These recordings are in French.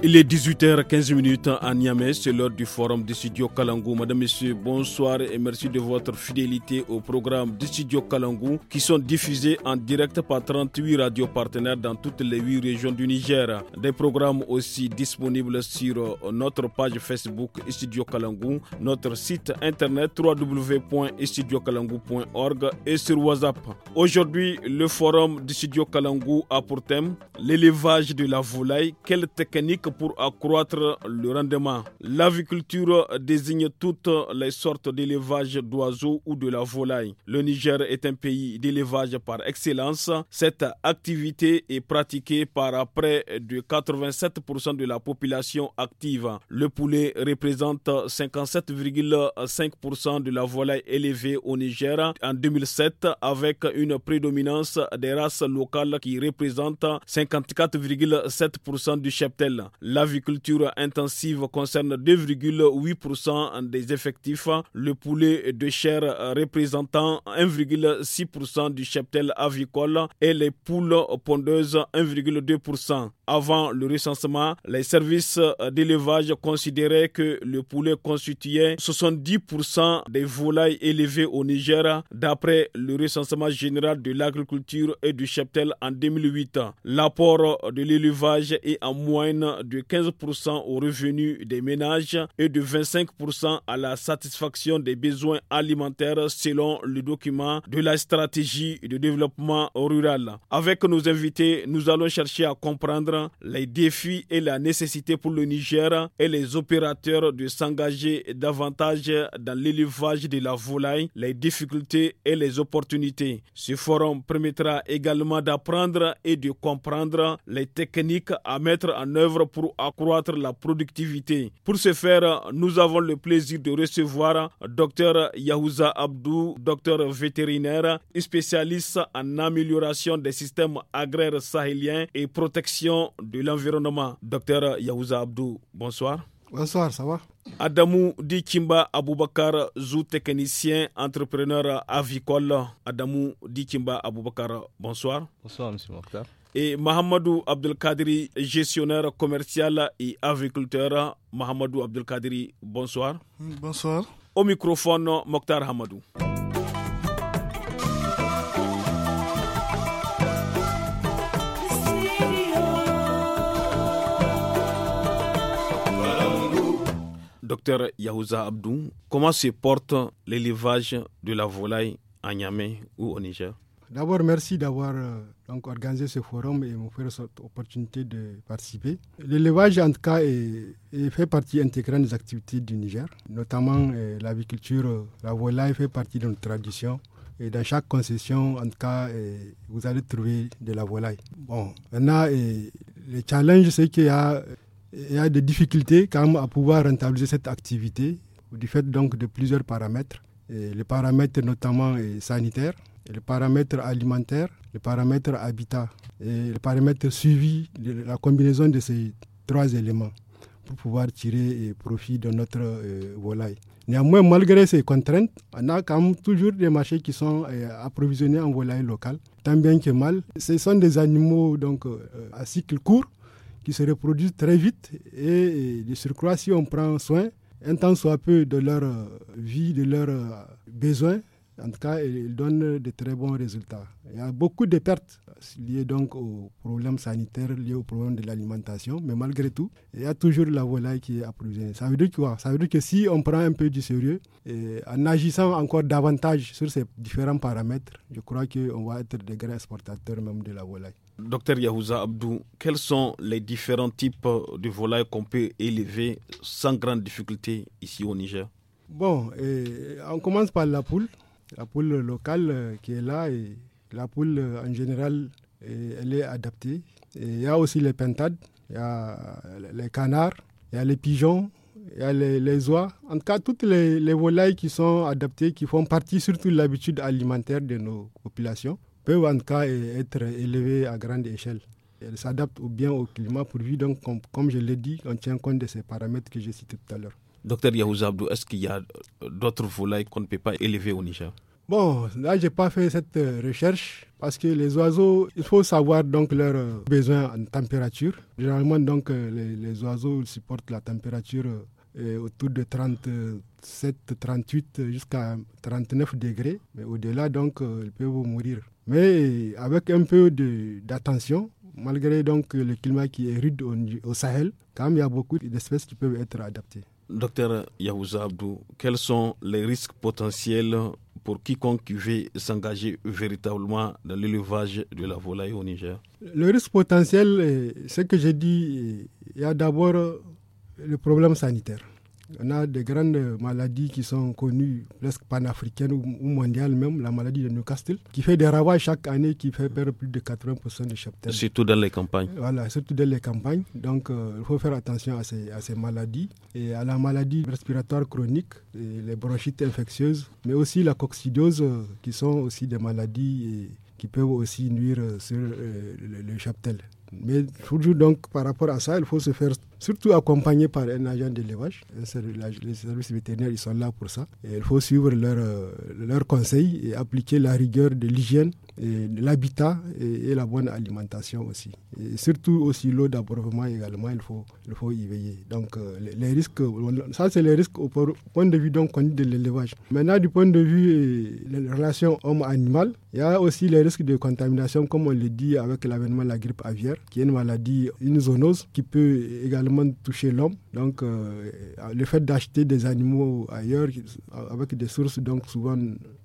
Il est 18h15 à Niamey, c'est l'heure du forum de Studio Kalangou. Madame, Monsieur, bonsoir et merci de votre fidélité au programme de Studio Kalangou qui sont diffusés en direct par 38 radios partenaires dans toutes les 8 régions du Niger. Des programmes aussi disponibles sur notre page Facebook Studio Kalangou, notre site internet www.studiokalangou.org et sur WhatsApp. Aujourd'hui, le forum de Studio Kalangou a pour thème l'élevage de la volaille. Quelle techniques pour accroître le rendement. L'aviculture désigne toutes les sortes d'élevage d'oiseaux ou de la volaille. Le Niger est un pays d'élevage par excellence. Cette activité est pratiquée par près de 87% de la population active. Le poulet représente 57,5% de la volaille élevée au Niger en 2007 avec une prédominance des races locales qui représentent 54,7% du cheptel. L'aviculture intensive concerne 2,8% des effectifs, le poulet de chair représentant 1,6% du cheptel avicole et les poules pondeuses 1,2%. Avant le recensement, les services d'élevage considéraient que le poulet constituait 70% des volailles élevées au Niger d'après le recensement général de l'agriculture et du cheptel en 2008. L'apport de l'élevage est en moyenne de 15% aux revenus des ménages et de 25% à la satisfaction des besoins alimentaires selon le document de la stratégie de développement rural. Avec nos invités, nous allons chercher à comprendre les défis et la nécessité pour le Niger et les opérateurs de s'engager davantage dans l'élevage de la volaille, les difficultés et les opportunités. Ce forum permettra également d'apprendre et de comprendre les techniques à mettre en œuvre pour accroître la productivité. Pour ce faire, nous avons le plaisir de recevoir Dr Yahouza Abdou, docteur vétérinaire et spécialiste en amélioration des systèmes agraires sahéliens et protection de l'environnement. Docteur Yahouza Abdou, bonsoir. Bonsoir, ça va Adamou Dikimba Aboubakar, zootechnicien, entrepreneur avicole. Adamou Dikimba Aboubakar, bonsoir. Bonsoir, monsieur Mokhtar et Mahamadou Abdelkadri, gestionnaire commercial et agriculteur. Mahamadou Abdelkadri, bonsoir. Bonsoir. Au microphone, Mokhtar Hamadou. Docteur Yahouza Abdou, comment se porte l'élevage de la volaille à Niamey ou au Niger D'abord, merci d'avoir euh, donc organisé ce forum et m'offrir cette opportunité de participer. L'élevage, en tout cas, est, fait partie intégrante des activités du Niger, notamment euh, l'aviculture. Euh, la volaille fait partie de notre tradition. Et dans chaque concession, en tout cas, vous allez trouver de la volaille. Bon, maintenant, le challenge, c'est qu'il y, y a, des difficultés quand même à pouvoir rentabiliser cette activité, du fait donc de plusieurs paramètres. Et les paramètres notamment sanitaires, les paramètres alimentaires, les paramètres habitat et les paramètres suivi, la combinaison de ces trois éléments pour pouvoir tirer eh, profit de notre eh, volaille. Néanmoins, malgré ces contraintes, on a quand même toujours des marchés qui sont eh, approvisionnés en volaille locale, tant bien que mal. Ce sont des animaux donc, à cycle court qui se reproduisent très vite et, et de surcroît, si on prend soin, un temps soit peu de leur vie, de leurs besoins, en tout cas, il donne de très bons résultats. Il y a beaucoup de pertes liées donc aux problèmes sanitaires, liées aux problèmes de l'alimentation, mais malgré tout, il y a toujours la volaille qui est approvisionnée. Ça veut dire quoi Ça veut dire que si on prend un peu du sérieux, et en agissant encore davantage sur ces différents paramètres, je crois qu'on va être des grands exportateurs même de la volaille. Docteur Yahouza Abdou, quels sont les différents types de volailles qu'on peut élever sans grande difficulté ici au Niger Bon, on commence par la poule la poule locale euh, qui est là la poule euh, en général, elle est adaptée. il y a aussi les pentades, il y a les canards, il y a les pigeons, il y a les, oies. En tout cas, toutes les, volailles qui sont adaptées, qui font partie surtout de l'habitude alimentaire de nos populations, peuvent en tout cas être élevées à grande échelle. Elles s'adaptent bien au climat pourvu, donc, comme, comme je l'ai dit, on tient compte de ces paramètres que j'ai cités tout à l'heure. Docteur Yahouza Abdou, est-ce qu'il y a euh, d'autres volailles qu'on ne peut pas élever au Niger Bon, là, je n'ai pas fait cette euh, recherche parce que les oiseaux, il faut savoir donc leurs euh, besoins en température. Généralement, donc, les, oiseaux supportent la température autour de 37, 38 jusqu'à 39 degrés. Mais au-delà, donc, ils peuvent mourir. Mais avec un peu d'attention, malgré donc le climat qui est rude au, Sahel, quand il y a beaucoup d'espèces qui peuvent être adaptées. Docteur Yahouza Abdou, quels sont les risques potentiels pour quiconque veut s'engager véritablement dans l'élevage de la volaille au Niger Le risque potentiel, eh, c'est que j'ai dit, eh, il y a d'abord le problème sanitaire. On a des grandes maladies qui sont connues, presque panafricaines ou, mondiales même, la maladie de Newcastle, qui fait des ravages chaque année, qui fait perdre plus de 80% des cheptels. Surtout dans les campagnes. Voilà, surtout dans les campagnes. Donc, euh, il faut faire attention à ces, maladies et à la maladie respiratoire chronique, les bronchites infectieuses, mais aussi la coccidiose, euh, qui sont aussi des maladies qui peuvent aussi nuire euh, sur le, le mais toujours donc par rapport à ça, il faut se faire surtout accompagner par un agent d'élevage. Les services vétérinaires, ils sont là pour ça. il faut suivre leurs euh, conseils et appliquer la rigueur de l'hygiène, de l'habitat et, la bonne alimentation aussi. Et surtout aussi l'eau d'abreuvement également, il faut, il faut y veiller. Donc euh, les, risques, ça c'est les risques au point de vue donc de l'élevage. Maintenant du point de vue des euh, relations homme-animal, il y a aussi les risques de contamination comme on le dit avec l'avènement de la grippe aviaire qui est une maladie, une zoonose qui peut également toucher l'homme. Donc, euh, le fait d'acheter des animaux ailleurs avec des sources donc souvent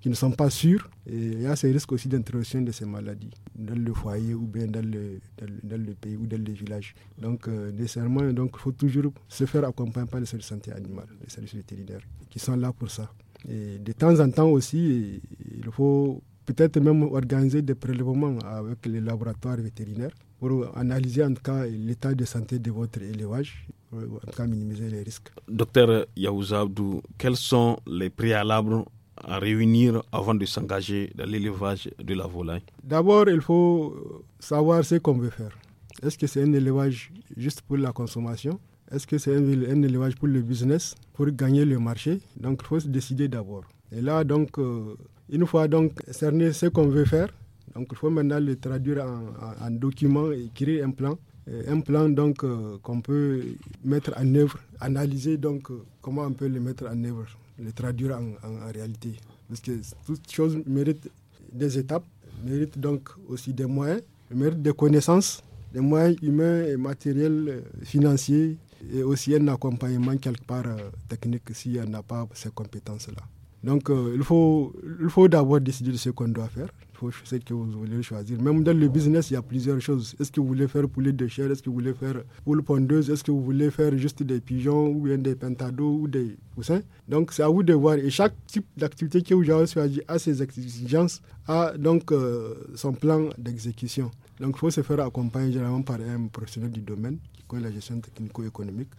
qui ne sont pas sûres, il y a ces risques aussi d'introduction de ces maladies dans le foyer ou bien dans le, pays ou dans les villages. Donc, euh, nécessairement, il faut toujours se faire accompagner par les services de santé animale, les services vétérinaires, qui sont là pour ça. Et de temps en temps aussi, il faut peut-être même organiser des prélèvements avec les laboratoires vétérinaires pour analyser en tout cas l'état de santé de votre élevage, pour en tout cas minimiser les risques. Docteur Yahouza Abdou, quels sont les préalables à réunir avant de s'engager dans l'élevage de la volaille D'abord, il faut savoir ce qu'on veut faire. Est-ce que c'est un élevage juste pour la consommation Est-ce que c'est un, élevage pour le business, pour gagner le marché Donc il faut se décider d'abord. Et là, donc, euh, une fois donc cerné ce qu'on veut faire, donc il faut maintenant le traduire en, document et créer un plan euh, un plan donc euh, qu'on peut mettre en œuvre, analyser donc euh, comment on peut le mettre en œuvre, le traduire en, réalité. Parce que toute choses méritent des étapes, mérite donc aussi des moyens, mérite des connaissances, des moyens humains et matériels, financiers, et aussi un accompagnement quelque part technique si on n'a pas ces compétences-là. Donc, euh, il faut, il faut d'abord décider de ce qu'on doit faire. Il faut ce que vous voulez choisir. Même dans le business, il y a plusieurs choses. Est-ce que vous voulez faire poulet de chair Est-ce que vous voulez faire poule pondeuse Est-ce que vous voulez faire juste des pigeons ou bien des pentados ou des poussins Donc, c'est à vous de voir. Et chaque type d'activité que vous avez choisi a ses exigences, a donc euh, son plan d'exécution. Donc, il faut se faire accompagner généralement par un professionnel du domaine qui connaît la gestion technico-économique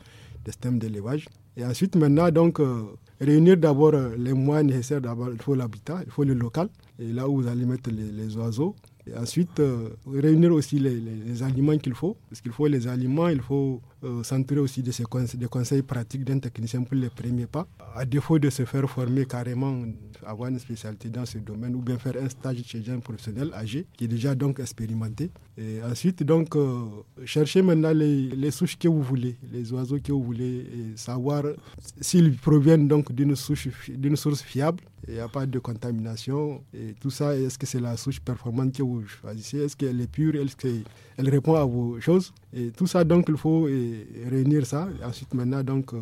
des systèmes d'élevage. Et ensuite, maintenant, donc, euh, réunir d'abord euh, les moyens nécessaires. D'abord, il faut l'habitat, il faut le local, et là où vous allez mettre les, oiseaux. Et ensuite, euh, réunir aussi les aliments qu'il faut, parce qu'il faut les aliments, il faut euh, aussi de des conseils pratiques d'un technicien pour les premiers pas, à défaut de se faire former carrément, avoir une spécialité dans ce domaine ou bien faire un stage chez un professionnel âgé qui est déjà donc expérimenté. Et ensuite, donc, euh, chercher maintenant les, les, souches que vous voulez, les oiseaux que vous voulez, et savoir s'ils proviennent donc d'une d'une source fiable, il n'y a pas de contamination, et tout ça, est-ce que c'est la souche performante que vous choisissez, est-ce qu'elle est pure, est-ce elle répond à vos choses. Et tout ça, donc, il faut réunir ça. ensuite, maintenant, donc, euh,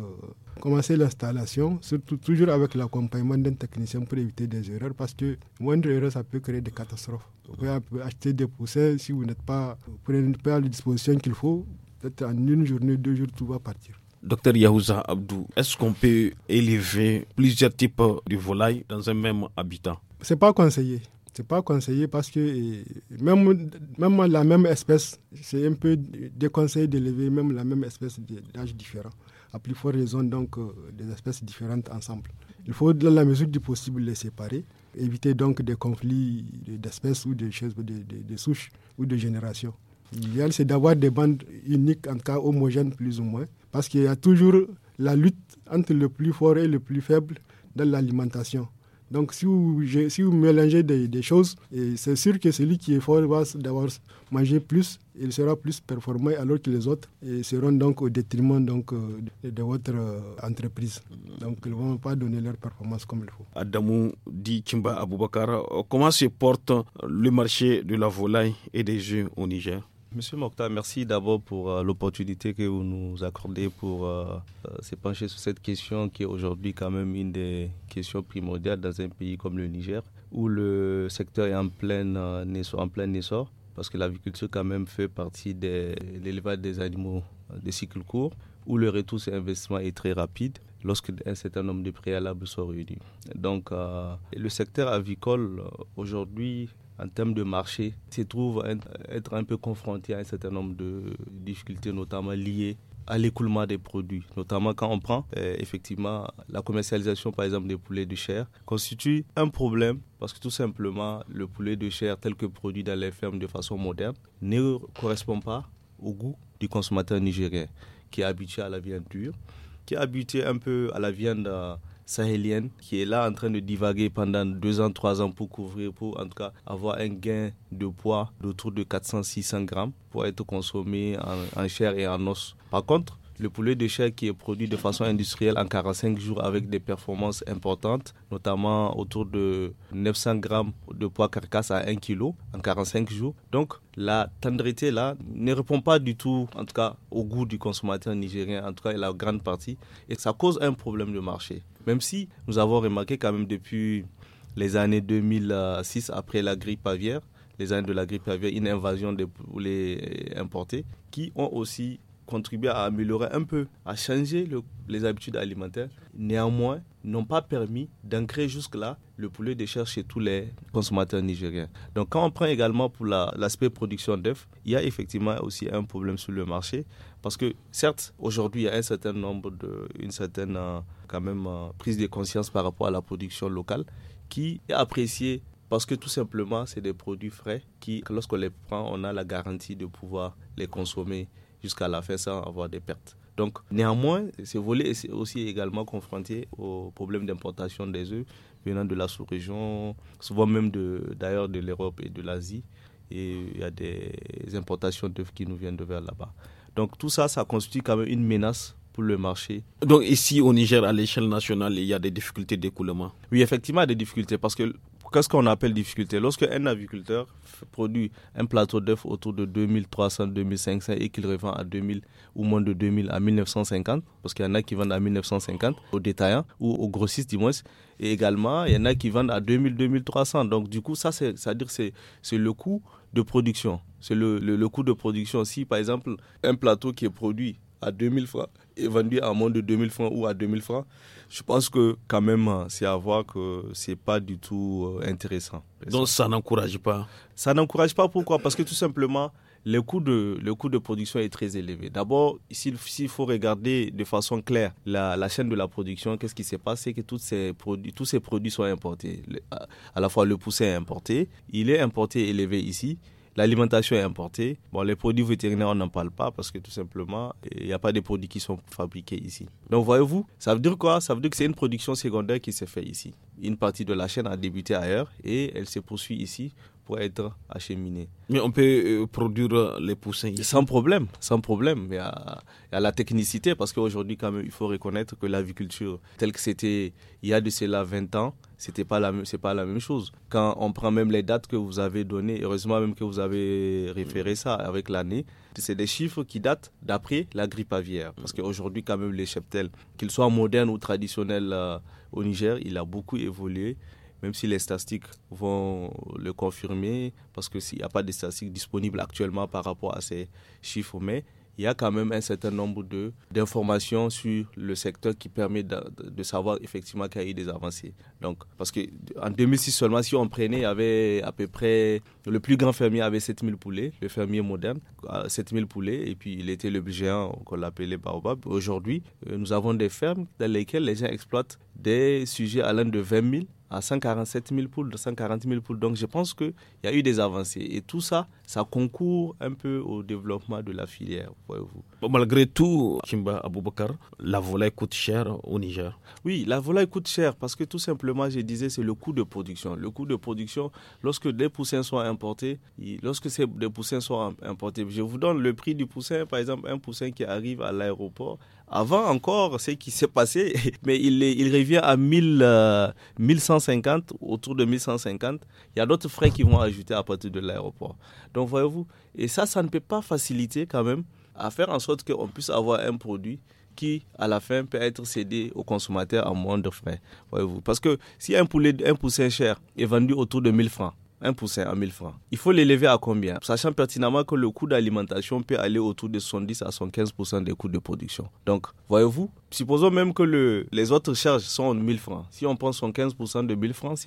commencer l'installation, surtout toujours avec l'accompagnement d'un technicien pour éviter des erreurs, parce que moindre erreur, ça peut créer des catastrophes. Vous pouvez acheter des poussins si vous n'êtes pas, à prenez pas qu'il faut. Peut-être en une journée, deux jours, tout va partir. Docteur Yahouza Abdou, est-ce qu'on peut élever plusieurs types de volailles dans un même habitat C'est pas conseillé c'est pas conseillé parce que même, même la même espèce, c'est un peu déconseillé d'élever même la même espèce d'âge différent, à plus forte raison donc euh, des espèces différentes ensemble. Il faut dans la mesure du possible les séparer, éviter donc des conflits d'espèces ou de choses, de, de souches ou de générations. L'idéal c'est d'avoir des bandes uniques, en tout cas homogènes plus ou moins, parce qu'il y a toujours la lutte entre le plus fort et le plus faible dans l'alimentation. Donc si vous, mélangez des, choses, c'est sûr que celui qui est fort va d'abord manger plus, il sera plus performant alors que les autres seront donc au détriment donc, euh, de, votre euh, entreprise. Donc ils ne vont pas donner leur performance comme il faut. Adamou dit Kimba Aboubakar, comment se porte le marché de la volaille et des jeux au Niger Monsieur Mokta, merci d'abord pour euh, l'opportunité que vous nous accordez pour euh, euh, se pencher sur cette question qui est aujourd'hui quand même une des questions primordiales dans un pays comme le Niger, où le secteur est en plein, essor, en plein essor, parce que l'agriculture quand même fait partie de l'élevage des animaux de cycle court, où le retour sur investissement est très rapide lorsque un certain nombre de préalables sont réunis. Donc, euh, le secteur avicole, euh, aujourd'hui, en termes de marché, se trouve être un peu confronté à un certain nombre de difficultés, notamment liées à l'écoulement des produits, notamment quand on prend euh, effectivement la commercialisation par exemple des poulets de chair, constitue un problème parce que tout simplement le poulet de chair tel que produit dans les fermes de façon moderne ne correspond pas au goût du consommateur nigérien qui est habitué à la viande dure qui est habitué un peu à la viande euh, sahélienne, qui est là en train de divaguer pendant deux ans, trois ans pour couvrir, pour en tout cas avoir un gain de poids d'autour de 400-600 grammes pour être consommé en, en chair et en os. Par contre, le poulet de chair qui est produit de façon industrielle en 45 jours avec des performances importantes, notamment autour de 900 grammes de poids carcasse à 1 kg en 45 jours. Donc la tendreté là ne répond pas du tout, en tout cas, au goût du consommateur nigérien, en tout cas la grande partie, et ça cause un problème de marché. Même si nous avons remarqué quand même depuis les années 2006 après la grippe aviaire, les années de la grippe aviaire, une invasion des poulets importés qui ont aussi contribuer à améliorer un peu, à changer les habitudes alimentaires. Néanmoins, n'ont pas permis d'ancrer jusque-là le poulet de chair chez tous les consommateurs nigériens. Donc quand on prend également pour l'aspect production d'œufs, il y a effectivement aussi un problème sur le marché parce que certes, aujourd'hui, il y a un certain nombre de une certaine euh, quand même euh, prise de conscience par rapport à la production locale qui est appréciée parce que tout simplement, c'est des produits frais qui, lorsqu'on les prend, on a la garantie de pouvoir les consommer jusqu'à la fin sans avoir des pertes. Donc, néanmoins, ce volet est aussi également confronté au problème d'importation des œufs venant de la sous-région, souvent même d'ailleurs de, l'Europe et de l'Asie. Et il y a des importations d'œufs qui nous viennent de vers là-bas. Donc, tout ça, ça constitue quand même une menace pour le marché. Donc ici au Niger, à l'échelle nationale, il y a des difficultés d'écoulement. Oui, effectivement, des difficultés parce que Qu'est-ce qu'on appelle difficulté Lorsque un aviculteur produit un plateau d'œufs autour de 2300, 2500 et qu'il revend à 2000 ou moins de 2000 à 1950, parce qu'il y en a qui vendent à 1950 aux détaillants ou aux grossistes du moins, et également il y en a qui vendent à 2000, 2300. Donc du coup, ça, c'est-à-dire c'est le coût de production. C'est le, le coût de production. Si par exemple un plateau qui est produit à 2000 francs et vendu à moins de 2000 francs ou à 2000 francs, je pense que quand même, hein, c'est à voir que c'est pas du tout euh, intéressant. Donc ça n'encourage pas Ça n'encourage pas, pourquoi Parce que tout simplement, le coût de, le coût de production est très élevé. D'abord, s'il faut regarder de façon claire la, chaîne de la production, qu'est-ce qui s'est passé que toutes ces produits, tous ces produits sont importés. à la fois le poussin est importé, il est importé élevé ici, L'alimentation est importée. Bon, les produits vétérinaires, on n'en parle pas parce que tout simplement, il n'y a pas de produits qui sont fabriqués ici. Donc, voyez-vous, ça veut dire quoi Ça veut dire que c'est une production secondaire qui s'est faite ici. Une partie de la chaîne a débuté ailleurs et elle se poursuit ici pour être acheminé. Mais on peut euh, produire les poussins Sans problème, sans problème. Il y a, la technicité, parce qu'aujourd'hui, quand même, il faut reconnaître que l'aviculture, telle que c'était il y a de cela 20 ans, c'était pas la c'est pas la même chose. Quand on prend même les dates que vous avez données, heureusement même que vous avez référé ça avec l'année, c'est des chiffres qui datent d'après la grippe aviaire. Parce qu'aujourd'hui, quand même, les cheptels, qu'ils soient modernes ou traditionnels euh, au Niger, il a beaucoup évolué même si les statistiques vont le confirmer, parce que s'il n'y a pas de statistiques disponibles actuellement par rapport à ces chiffres, mais il y a quand même un certain nombre d'informations sur le secteur qui permet de, savoir effectivement qu'il y a eu des avancées. Donc, parce qu'en 2006 seulement, si on prenait, il y avait à peu près, le plus grand fermier avait 7000 poulets, le fermier moderne, 7000 euh, poulets, et puis il était le géant qu'on l'appelait Baobab. Aujourd'hui, euh, nous avons des fermes dans lesquelles les gens exploitent des sujets allant de 20 000 à 147 000 poules, 140 000 poules. Donc je pense qu'il y a eu des avancées. Et tout ça, ça concourt un peu au développement de la filière, voyez-vous. malgré tout, Kimba Aboubakar, la volaille coûte cher au Niger. Oui, la volaille coûte cher parce que tout simplement, je disais, c'est le coût de production. Le coût de production, lorsque des poussins sont importés, lorsque ces des poussins sont importés, je vous donne le prix du poussin, par exemple, un poussin qui arrive à l'aéroport, avant encore ce qui s'est passé, mais il, il revient à 1000, 1150, euh, autour de 1150. Il y a d'autres frais qui vont ajouter à partir de l'aéroport. Donc voyez-vous, et ça, ça ne peut pas faciliter quand même à faire en sorte qu'on puisse avoir un produit qui, à la fin, peut être cédé aux consommateurs à moins de frais. Voyez-vous. Parce que si un poulet, un poussin cher est vendu autour de 1000 francs, un poussin à 1000 francs. Il faut l'élever à combien Sachant pertinemment que le coût d'alimentation peut aller autour de 70 à 115% des coûts de production. Donc, voyez-vous, supposons même que le, les autres charges sont 1000 francs. Si on prend 115% de 1000 francs,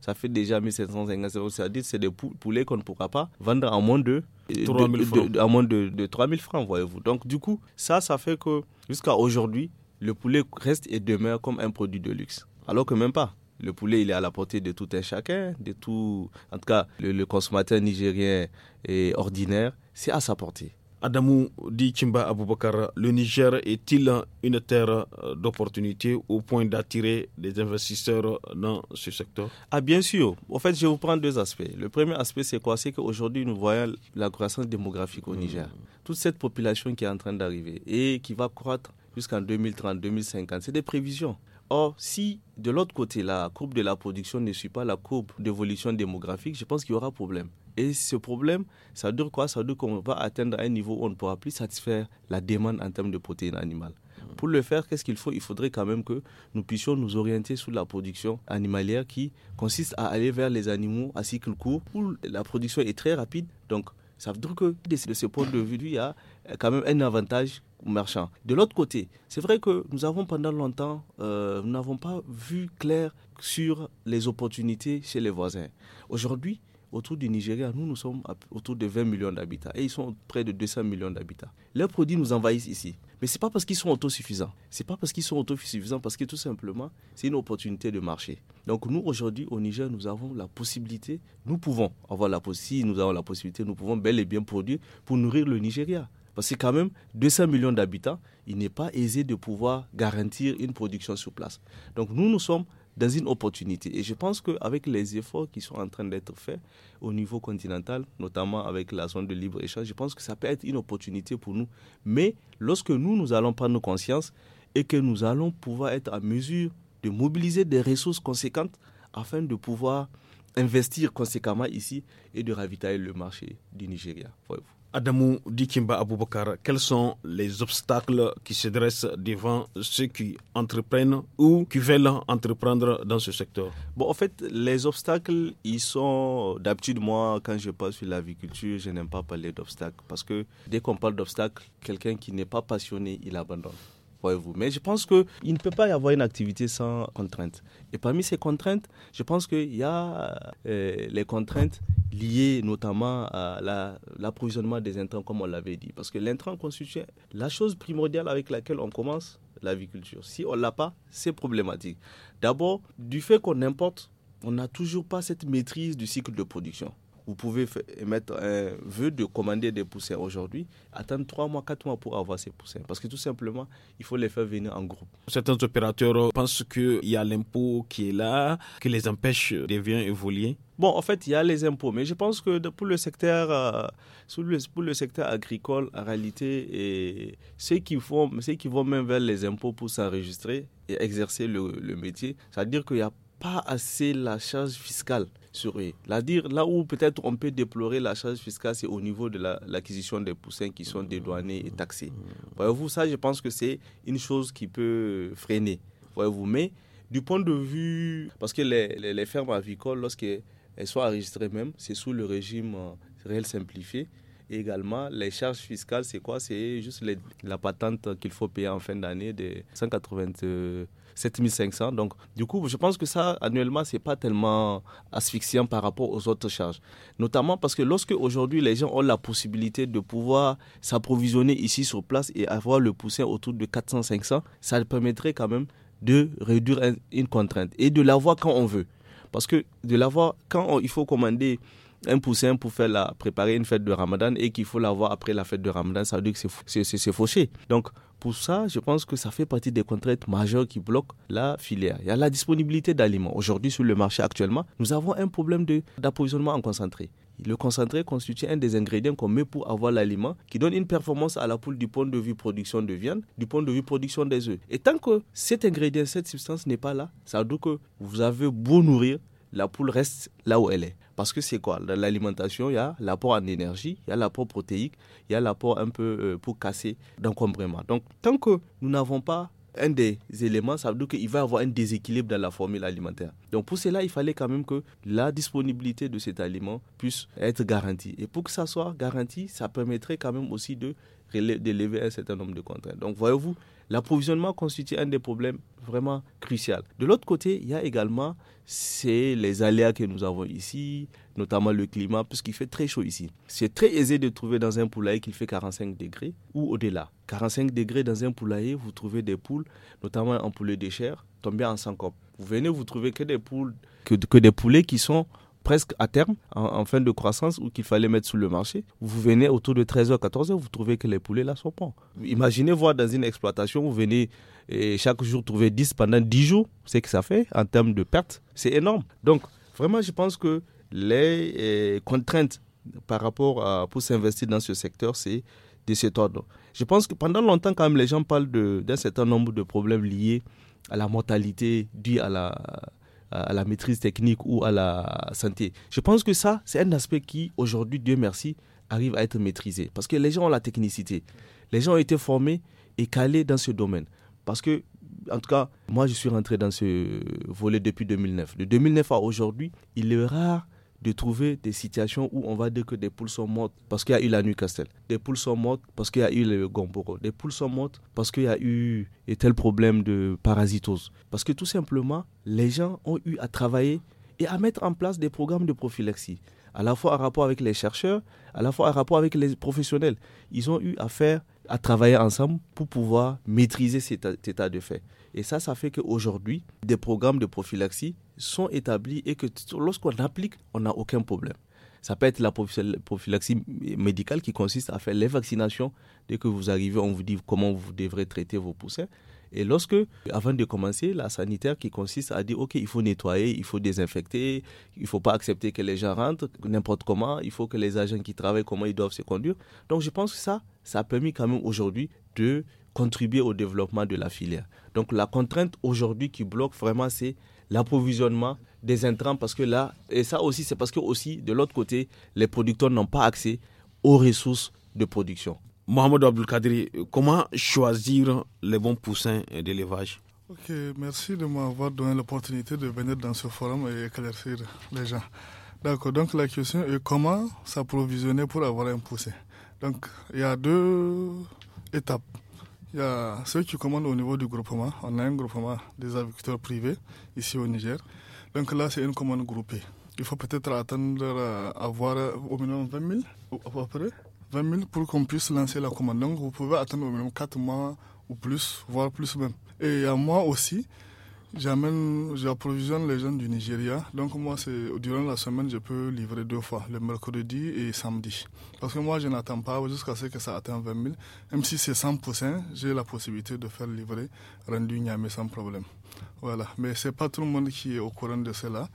ça fait déjà 1750 euros. C'est-à-dire c'est des poulets qu'on ne pourra pas vendre à moins de, 3 000 de 3000 francs, voyez-vous. Donc, du coup, ça, ça fait que jusqu'à aujourd'hui, le poulet reste et demeure comme un produit de luxe. Alors que même pas. Le poulet, il est à la portée de tout un chacun, de tout. En tout cas, le, consommateur nigérien est ordinaire, c'est à sa portée. Adamou dit Kimba Aboubakar, le Niger est-il une terre d'opportunité au point d'attirer des investisseurs dans ce secteur Ah bien sûr. En fait, je vous prends deux aspects. Le premier aspect, c'est quoi C'est qu'aujourd'hui, nous voyons la croissance démographique au hmm. Niger. Toute cette population qui est en train d'arriver et qui va croître jusqu'en 2030, 2050, c'est des prévisions. Or, si de l'autre côté, la courbe de la production ne suit pas la courbe d'évolution démographique, je pense qu'il y aura problème. Et ce problème, ça veut dire quoi Ça veut dire qu'on va atteindre un niveau où on ne pourra plus satisfaire la demande en termes de protéines animales. Pour le faire, qu'est-ce qu'il faut Il faudrait quand même que nous puissions nous orienter sur la production animalière qui consiste à aller vers les animaux à cycle court où la production est très rapide. Donc, ça veut dire que de ce point de vue, il y a quand même un avantage de l'autre côté, c'est vrai que nous avons pendant longtemps, euh, nous n'avons pas vu clair sur les opportunités chez les voisins. Aujourd'hui, autour du Nigeria, nous, nous sommes autour de 20 millions d'habitants et ils sont près de 200 millions d'habitants. Leurs produits nous envahissent ici. Mais ce n'est pas parce qu'ils sont autosuffisants. Ce n'est pas parce qu'ils sont autosuffisants, parce que tout simplement, c'est une opportunité de marché. Donc nous, aujourd'hui, au Niger, nous avons la possibilité, nous pouvons avoir la possibilité, nous avons la possibilité, nous pouvons bel et bien produire pour nourrir le Nigeria. Parce que quand même, 200 millions d'habitants, il n'est pas aisé de pouvoir garantir une production sur place. Donc nous, nous sommes dans une opportunité. Et je pense qu'avec les efforts qui sont en train d'être faits au niveau continental, notamment avec la zone de libre-échange, je pense que ça peut être une opportunité pour nous. Mais lorsque nous, nous allons prendre conscience et que nous allons pouvoir être en mesure de mobiliser des ressources conséquentes afin de pouvoir investir conséquemment ici et de ravitailler le marché du Nigeria. Voyez-vous. Adamou Dikimba Aboubakar, quels sont les obstacles qui se dressent devant ceux qui entreprennent ou qui veulent entreprendre dans ce secteur Bon, en fait, les obstacles, ils sont. D'habitude, moi, quand je parle sur l'agriculture, je n'aime pas parler d'obstacles parce que dès qu'on parle d'obstacles, quelqu'un qui n'est pas passionné, il abandonne. Mais je pense qu'il ne peut pas y avoir une activité sans contraintes. Et parmi ces contraintes, je pense qu'il y a euh, les contraintes liées notamment à l'approvisionnement des intrants, comme on l'avait dit. Parce que l'intrant constitue la chose primordiale avec laquelle on commence l'agriculture. Si on ne l'a pas, c'est problématique. D'abord, du fait qu'on importe, on n'a toujours pas cette maîtrise du cycle de production. Vous pouvez émettre un vœu de commander des poussins aujourd'hui, attendre trois mois, quatre mois pour avoir ces poussins. Parce que tout simplement, il faut les faire venir en groupe. Certains opérateurs pensent qu'il y a l'impôt qui est là, qui les empêche de bien évoluer. Bon, en fait, il y a les impôts, mais je pense que pour le secteur, euh, pour le secteur agricole, en réalité, et ceux, qui font, ceux qui vont même vers les impôts pour s'enregistrer et exercer le, métier, c'est-à-dire qu'il y a pas assez la charge fiscale sur eux. dire là où peut-être on peut déplorer la charge fiscale, c'est au niveau de l'acquisition des poussins qui sont dédouanés et taxés. Voyez-vous, ça, je pense que c'est une chose qui peut freiner. Voyez-vous, mais du point de vue, parce que les, les, fermes avicoles, lorsqu'elles sont enregistrées même, c'est sous le régime euh, réel simplifié. Et également, les charges fiscales, c'est quoi C'est juste la patente qu'il faut payer en fin d'année de 180. 7500. Donc, du coup, je pense que ça, annuellement, c'est pas tellement asphyxiant par rapport aux autres charges. Notamment parce que lorsque aujourd'hui, les gens ont la possibilité de pouvoir s'approvisionner ici sur place et avoir le poussin autour de 400-500, ça permettrait quand même de réduire une contrainte et de l'avoir quand on veut. Parce que de l'avoir, quand il faut commander un poussin pour faire la, préparer une fête de Ramadan et qu'il faut l'avoir après la fête de Ramadan, ça veut dire que c'est fauché. Donc, pour ça, je pense que ça fait partie des contraintes majeures qui bloquent la filière. Il y a la disponibilité d'aliments. Aujourd'hui, sur le marché actuellement, nous avons un problème d'approvisionnement en concentré. Le concentré constitue un des ingrédients qu'on met pour avoir l'aliment qui donne une performance à la poule du point de vue production de viande, du point de vue production des œufs. Et tant que cet ingrédient, cette substance n'est pas là, ça veut dire que vous avez beau nourrir, la poule reste là où elle est. Parce que c'est quoi Dans l'alimentation, il y a l'apport en énergie, il y a l'apport protéique, il y a l'apport un peu euh, pour casser d'encombrement. Donc, tant que nous n'avons pas un des éléments, ça veut dire qu'il va y avoir un déséquilibre dans la formule alimentaire. Donc pour cela, il fallait quand même que la disponibilité de cet aliment puisse être garantie. Et pour que ça soit garanti, ça permettrait quand même aussi de d'élever un certain nombre de contraintes. Donc voyez-vous, L'approvisionnement constitue un des problèmes vraiment crucial. De l'autre côté, il y a également c'est les aléas que nous avons ici, notamment le climat, puisqu'il fait très chaud ici. C'est très aisé de trouver dans un poulailler qu'il fait 45 degrés ou au-delà. 45 degrés dans un poulailler, vous trouvez des poules, notamment un poulet de chair, tombées en syncope. Vous venez, vous trouvez que des poules, que, que des poulets qui sont presque à terme, en, fin de croissance, ou qu'il fallait mettre sur le marché, vous venez autour de 13h, 14h, vous trouvez que les poulets là sont pas. Imaginez voir dans une exploitation, vous venez et chaque jour trouver 10 pendant 10 jours, c'est que ça fait en termes de pertes, c'est énorme. Donc vraiment, je pense que les eh, contraintes par rapport à pour s'investir dans ce secteur, c'est de cet ordre. Je pense que pendant longtemps, quand même, les gens parlent d'un certain nombre de problèmes liés à la mortalité due à la, euh, à la maîtrise technique ou à la santé. Je pense que ça, c'est un aspect qui, aujourd'hui, Dieu merci, arrive à être maîtrisé. Parce que les gens ont la technicité. Les gens ont été formés et calés dans ce domaine. Parce que, en tout cas, moi, je suis rentré dans ce volet depuis 2009. De 2009 à aujourd'hui, il est rare de trouver des situations où on va dire que des poules sont mortes parce qu'il y a eu la nuit Castel, des poules sont mortes parce qu'il y a eu le gomboro, des poules sont mortes parce qu'il y a eu tel problème de parasitose. Parce que tout simplement, les gens ont eu à travailler et à mettre en place des programmes de prophylaxie, à la fois en rapport avec les chercheurs, à la fois en rapport avec les professionnels. Ils ont eu à faire, à travailler ensemble pour pouvoir maîtriser cet état de fait. Et ça, ça fait qu'aujourd'hui, des programmes de prophylaxie sont établis et que lorsqu'on applique, on n'a aucun problème. Ça peut être la prophylaxie médicale qui consiste à faire les vaccinations. Dès que vous arrivez, on vous dit comment vous devrez traiter vos poussins. Et lorsque, avant de commencer, la sanitaire qui consiste à dire, OK, il faut nettoyer, il faut désinfecter, il ne faut pas accepter que les gens rentrent n'importe comment, il faut que les agents qui travaillent, comment ils doivent se conduire. Donc je pense que ça, ça a permis quand même aujourd'hui de contribuer au développement de la filière. Donc la contrainte aujourd'hui qui bloque vraiment, c'est l'approvisionnement des intrants parce que là, et ça aussi, c'est parce que aussi, de l'autre côté, les producteurs n'ont pas accès aux ressources de production. Mohamed Abdelkadri, comment choisir les bons poussins d'élevage Ok, merci de m'avoir donné l'opportunité de venir dans ce forum et éclaircir les gens. D'accord, donc la question est comment s'approvisionner pour avoir un poussin. Donc il y a deux étapes. Il y a ceux qui commandent au niveau du groupement. On a un groupement des agriculteurs privés ici au Niger. Donc là, c'est une commande groupée. Il faut peut-être attendre à euh, avoir euh, au minimum 20 000, à peu près, 20 000 pour qu'on puisse lancer la commande. Donc vous pouvez attendre au minimum 4 mois ou plus, voire plus même. Et il y a moi aussi, J'amène, j'approvisionne les gens du Nigeria. Donc moi, c'est durant la semaine, je peux livrer deux fois, le mercredi et samedi. Parce que moi, je n'attends pas jusqu'à ce que ça atteigne 20 000. Même si c'est 100%, j'ai la possibilité de faire livrer rendu Niamey sans problème. Voilà. Mais c'est pas tout le monde qui est au courant de cela.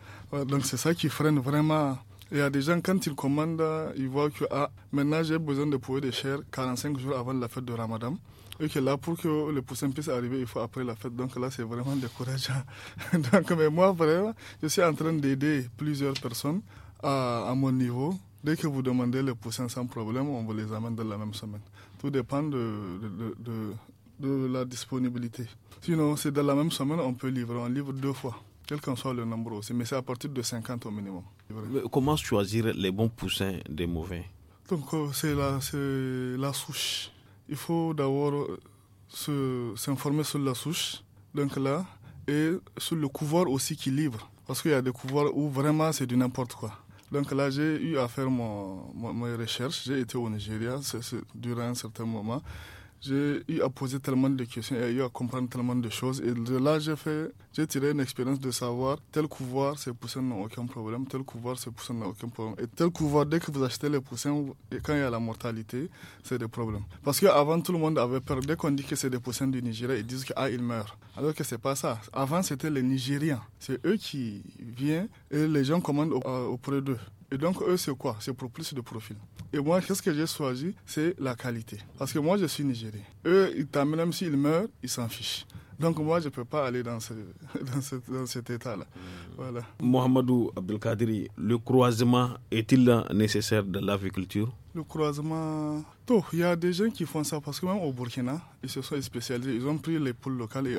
donc c'est ça qui freine vraiment. Il y a des gens, quand ils commandent, ils voient que ah, maintenant j'ai besoin de pouvoir de chair 45 jours avant la fête de Ramadan et que là, pour que le poussin puisse arriver, il faut après la fête. Donc là, c'est vraiment décourageant. Donc, mais moi, vraiment, je suis en train d'aider plusieurs personnes à, mon niveau. Dès que vous demandez le poussins sans problème, on vous les amène dans la même semaine. Tout dépend de, de, la disponibilité. Sinon, c'est dans la même semaine, on peut livrer. On livre deux fois, quel qu'en soit le nombre aussi. Mais c'est à partir de 50 au minimum. comment choisir les bons poussins des mauvais Donc, euh, c'est la, la souche il faut d'abord s'informer sur la souche, donc là, et sur le couvoir aussi qui livre. Parce qu'il y a des couvoirs où vraiment c'est du n'importe quoi. Donc là, j'ai eu à faire mon, mes recherches. J'ai été au Nigeria c'est durant un certain moment j'ai eu à poser tellement de questions et à comprendre tellement de choses. Et de là, j'ai fait, j'ai tiré une expérience de savoir tel couvoir, ces poussins n'ont aucun problème, tel couvoir, ces poussins n'ont aucun problème. Et tel couvoir, dès que vous achetez les poussins, et quand il y a la mortalité, c'est des problèmes. Parce qu'avant, tout le monde avait peur. Dès qu'on dit que c'est des poussins du Nigeria, ils disent que, ah, meurent. Alors que c'est pas ça. Avant, c'était les Nigériens. C'est eux qui viennent et les gens commandent euh, auprès d'eux. Et donc, eux, c'est quoi C'est pour plus de profil. Et moi, qu'est-ce que j'ai choisi C'est la qualité. Parce que moi, je suis nigérien. Eux, ils même s'ils meurent, ils s'en fichent. Donc moi, je ne peux pas aller dans, ce, dans, dans cet état-là. Mmh. Voilà. Mohamedou Abdelkadri, le croisement est-il nécessaire dans l'agriculture Le croisement... Il y a des gens qui font ça parce que même au Burkina, ils se sont spécialisés. Ils ont pris les poules locales et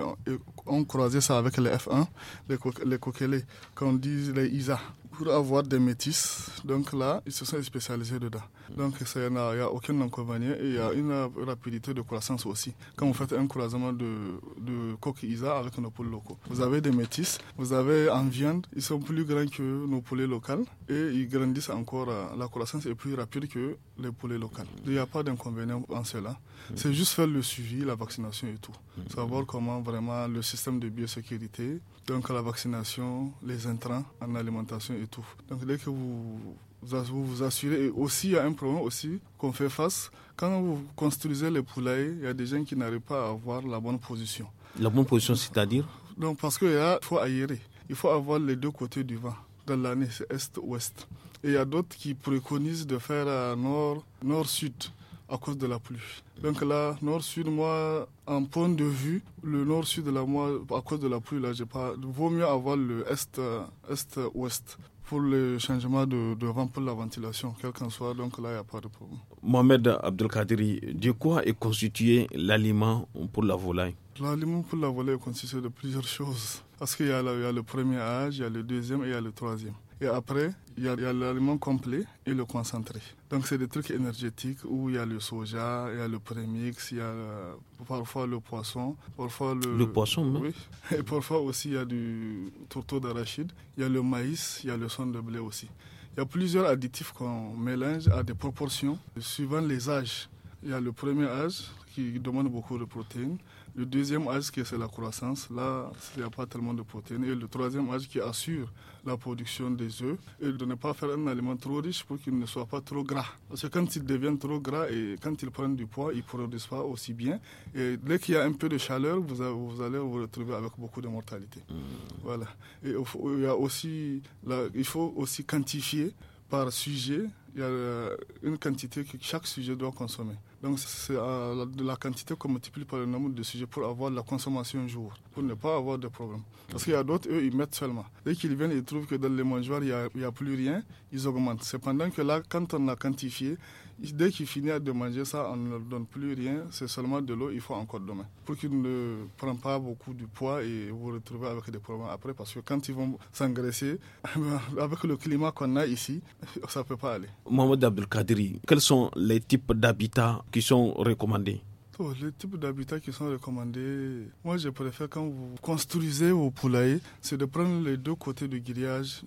ont, croisé ça avec les F1, les, co coquelets, qu'on dit les ISA pour avoir des métisses. Donc là, ils se sont spécialisés dedans. Donc il n'y a, aucun inconvénient et il y a une rapidité de croissance aussi. Quand vous faites un croisement de, de coq isa avec nos poules locaux, vous avez des métisses, vous avez en viande, ils sont plus grands que nos poulets locaux et ils grandissent encore. Euh, la croissance est plus rapide que les poulets locaux. Il n'y a pas d'inconvénient en cela. C'est juste faire le suivi, la vaccination et tout. Savoir comment vraiment le système de biosécurité donc la vaccination, les intrants en alimentation et tout. Donc dès que vous vous assurez. Et aussi, il y a un problème aussi qu'on fait face. Quand vous construisez les poulailles, il y a des gens qui n'arrivent pas à avoir la bonne position. La bonne position, c'est-à-dire Donc, parce qu'il faut aérer. Il faut avoir les deux côtés du vent dans l'année, c'est est-ouest. Et il y a d'autres qui préconisent de faire nord-sud. nord sud à cause de la pluie. Donc là, nord-sud, moi, en point de vue, le nord-sud, là, moi, à cause de la pluie, là, j'ai pas. Vaut mieux avoir le est-est-ouest pour le changement de, de vent pour la ventilation, quel qu'en soit. Donc là, il n'y a pas de problème. Mohamed Abdelkaderi, de quoi est constitué l'aliment pour la volaille L'aliment pour la volaille est constitué de plusieurs choses. Parce qu'il y, a le premier âge, il y a le deuxième et il y a le troisième. Et après, il y a, l'aliment complet et le concentré. Donc c'est des trucs énergétiques où il y a le soja, il y a le prémix, il y a euh, parfois le poisson, parfois le... Le poisson, oui. Et parfois aussi il y a du tourteau d'arachide, il y a le maïs, il y a le son de blé aussi. Il y a plusieurs additifs qu'on mélange à des proportions suivant les âges. Il y a le premier âge qui demande beaucoup de protéines. Le deuxième âge, c'est la croissance. Là, il n'y a pas tellement de protéines. Et le troisième âge qui assure la production des œufs et de ne pas faire un aliment trop riche pour qu'il ne soit pas trop gras. Parce que quand il devient trop gras et quand il prend du poids, il ne produit pas aussi bien. Et dès qu'il y a un peu de chaleur, vous, allez vous retrouver avec beaucoup de mortalité. Hmm. Voilà. Et il, a aussi, il faut aussi quantifier par sujet, il y a euh, une quantité que chaque sujet doit consommer. Donc c'est euh, de la quantité qu'on multiplie par le nombre de sujets pour avoir la consommation un jour, pour ne pas avoir de problème. Parce qu'il y a d'autres, eux, ils mettent seulement. Dès qu'ils viennent, ils trouvent que dans les mangeoires, il n'y a, a, plus rien, ils augmentent. Cependant que là, quand on a quantifié, Dès qu'il finit de manger ça, on ne leur donne plus rien, c'est seulement de l'eau, il faut encore demain. Pour qu'ils ne prennent pas beaucoup de poids et vous retrouvez avec des problèmes après, parce que quand ils vont s'engraisser, avec le climat qu'on a ici, ça ne peut pas aller. Mohamed Abdelkadri, quels sont les types d'habitats qui sont recommandés oh, les types d'habitats qui sont recommandés, moi je préfère quand vous construisez vos poulaillers, c'est de prendre les deux côtés du grillage,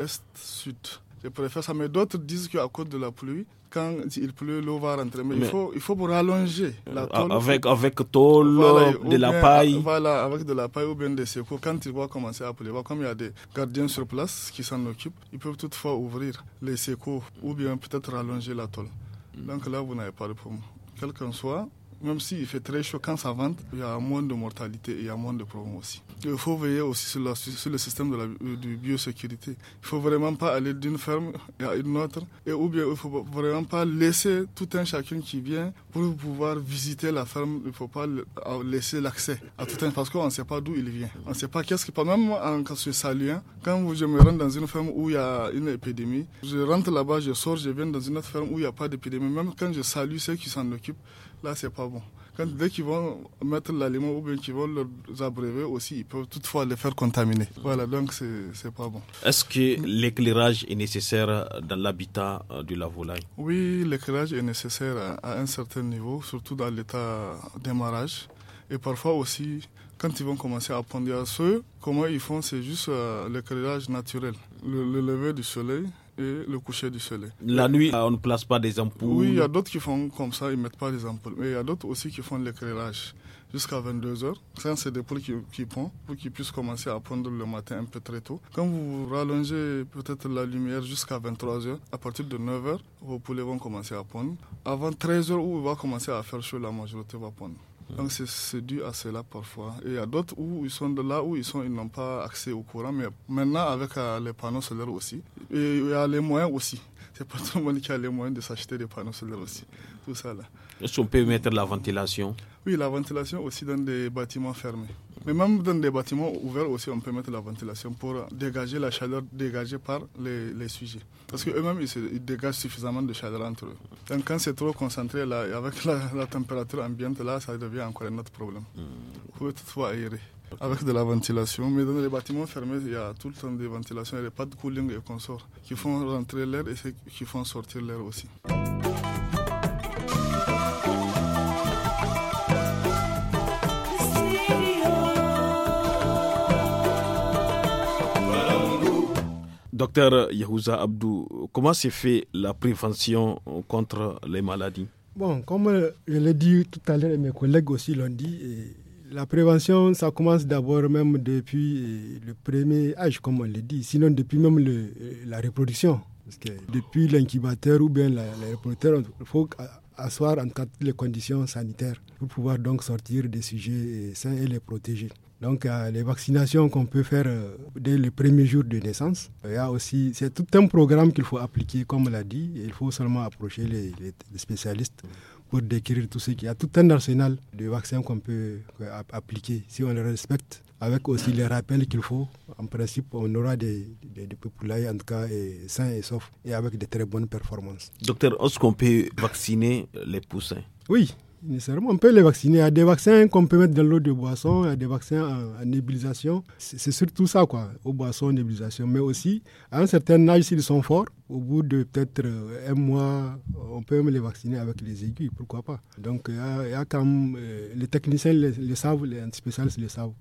est-sud. Je préfère ça, mais d'autres disent qu'à cause de la pluie, quand il pleut, l'eau va rentrer. Mais, il, faut, il faut pour rallonger la euh, tôle. Avec, avec tôle, de la paille. Voilà, avec de la paille ou bien des secours. Quand il va commencer à pleuvoir, comme il y a des gardiens sur place qui s'en occupent, ils peuvent toutefois ouvrir les secours ou bien peut-être rallonger la tôle. Mm. Donc là, vous n'avez pas de problème. Quel qu'en soit, même s'il fait très chaud, quand ça vente, il y a moins de mortalité et il y a moins de problèmes aussi. Il faut veiller aussi sur, le système de, la, biosécurité. Il faut vraiment pas aller d'une ferme à une autre. Et ou bien il ne faut vraiment pas laisser tout un chacun qui vient pour pouvoir visiter la ferme. Il ne faut pas laisser l'accès à tout un parce qu'on ne sait pas d'où il vient. On ne sait pas qu'est-ce qui. Même en, quand je salue, quand je me rends dans une ferme où il y a une épidémie, je rentre là-bas, je sors, je viens dans une autre ferme où il n'y a pas d'épidémie. Même quand je salue ceux qui s'en occupent, là, c'est pas bon. Quand, dès qu'ils vont mettre l'aliment ou bien qu'ils vont les abréver aussi, ils peuvent toutefois les faire contaminer. Voilà, donc c'est pas bon. Est-ce que l'éclairage est nécessaire dans l'habitat euh, de la volaille Oui, l'éclairage est nécessaire à, un certain niveau, surtout dans l'état démarrage. Et parfois aussi, quand ils vont commencer à pondre à ceux, comment ils font, c'est juste euh, l'éclairage naturel. le lever du soleil et le coucher du soleil. La nuit, on ne place pas des ampoules Oui, il y a d'autres qui font comme ça, ils ne mettent pas des ampoules. Mais il y a d'autres aussi qui font l'éclairage jusqu'à 22h. Ça, c'est des poules qui, pondent pour qu'ils puissent commencer à pondre le matin un peu très tôt. Quand vous rallongez peut-être la lumière jusqu'à 23h, à partir de 9h, vos poulets vont commencer à pondre. Avant 13h, où il va commencer à faire chaud, la majorité va pondre. Donc c'est dû à cela parfois. Et il y a d'autres où ils sont de là où ils ils n'ont pas accès au courant. Mais maintenant avec euh, les panneaux solaires aussi, et il y a les moyens aussi. C'est pas tout le monde qui a les moyens de s'acheter des panneaux solaires aussi. Tout ça Est-ce qu'on peut mettre la ventilation Oui, la ventilation aussi dans des bâtiments fermés. Mais même dans des bâtiments ouverts aussi, on peut mettre la ventilation pour dégager la chaleur dégagée par les, les sujets. Parce qu'eux-mêmes, ils, dégagent suffisamment de chaleur entre eux. Donc quand c'est trop concentré, là, avec la, température ambiante, là, ça devient encore un autre problème. vous hmm. Il faut toutefois aérer avec de la ventilation. Mais dans les bâtiments fermés, il y a tout le temps des ventilations, il n'y a pas de cooling et consorts qui font rentrer l'air et qui font sortir l'air aussi. Docteur Yahouza Abdou, comment s'est fait la prévention contre les maladies Bon, comme je l'ai dit tout à l'heure et mes collègues aussi l'ont dit, la prévention, ça commence d'abord même depuis le premier âge, comme on le dit, sinon depuis même euh, la reproduction. Parce que depuis l'incubateur ou bien la reproduction, il faut asseoir en cas les conditions sanitaires pour pouvoir donc sortir des sujets euh, sains et les protéger. Donc, euh, les vaccinations qu'on peut faire euh, dès le premier jour de naissance, il y a aussi, c'est tout un programme qu'il faut appliquer, comme l'a dit. Il faut seulement approcher les, spécialistes pour décrire tout ce qu'il y a, tout un arsenal de vaccins qu'on peut appliquer si on les respecte, avec aussi les rappels qu'il faut. En principe, on aura des, des, en tout cas, et, sains et saufs, et avec de très bonnes performances. Docteur, est-ce qu'on peut vacciner les poussins Oui, nécessairement. On peut les vacciner. Il y a des vaccins qu'on peut mettre dans l'eau de boisson, il y a des vaccins en, nébulisation. C'est surtout ça, quoi, aux boissons, nébulisation. Mais aussi, à un certain âge, s'ils sont forts, au bout de peut-être euh, un mois, on peut même les vacciner avec les aiguilles, pourquoi pas. Donc, il y a, euh, les techniciens le, savent, les hmm. spécialistes le savent.